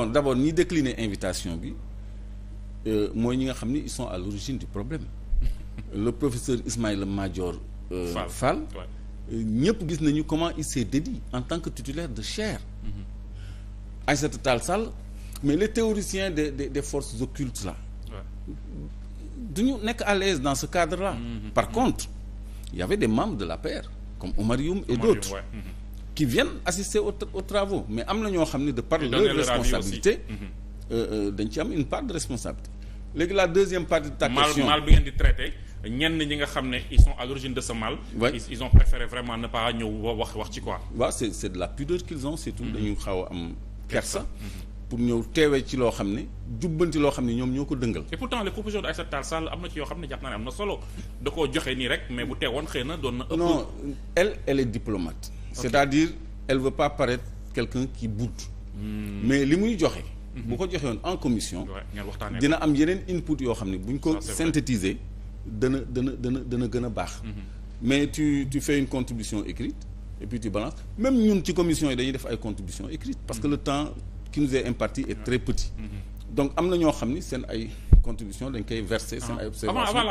bon d'abord ñi décliner invitation bi euh, mooy ñi nga xam ni ils sont à l'origine du problème le professeur Ismaïla Madior euh, Fall euh, ñëpp gis nañu comment il s'est dédié en tant que titulaire de chaire mm-hmm. Aïssata Tall Sall mais le théoriciens des des, des forces occultes là duñu nekk à l'aise dans ce cadre là mm-hmm. par mm-hmm. contre il y avait des membres de la l'APR comme Oumar et d'autres qui viennent assister aux, aux mais am na ñoo xam ne de par leur responsabilité mhm. euh, euh, dañ ci am une part de responsabilité léegi la deuxième partie de ta question mal bi ngeen di traité ñenn ñi nga xam ne ils sont à l'origine de ce mal ouais. ils ont préféré vraiment ne pas ñëw wax wax ci quoi waaw c'est c'est de la pudeur qu'ils ont surtout mhm. dañu xaw a am kersa mhm. pour ñëw teewee ci loo xam ne jubbanti loo xam ne ñoom ñoo ko dëngal et pourtant les propositions de Aïssata Tall yoo xam ne jàpp naa am na solo da koo joxe nii rek mais bu teewoon xëy na doon na ëpp non elle elle c'est-à-dire elle veut pas paraître quelqu'un qui boude hmm. mais li muy joxe hmm. bu ko joxe woon en commission dina am yeneen input yoo xam ne bu ñu ko synthétiser dana dana dana dana gën a baax hmm. mais tu tu fais une contribution écrite et puis tu balances même ñun ci commission yi dañuy def ay contributions écrites parce que le temps qui nous est imparti est très petit donc am na ñoo xam ni seen ay contributions dañ koy verser seen ah. ay observations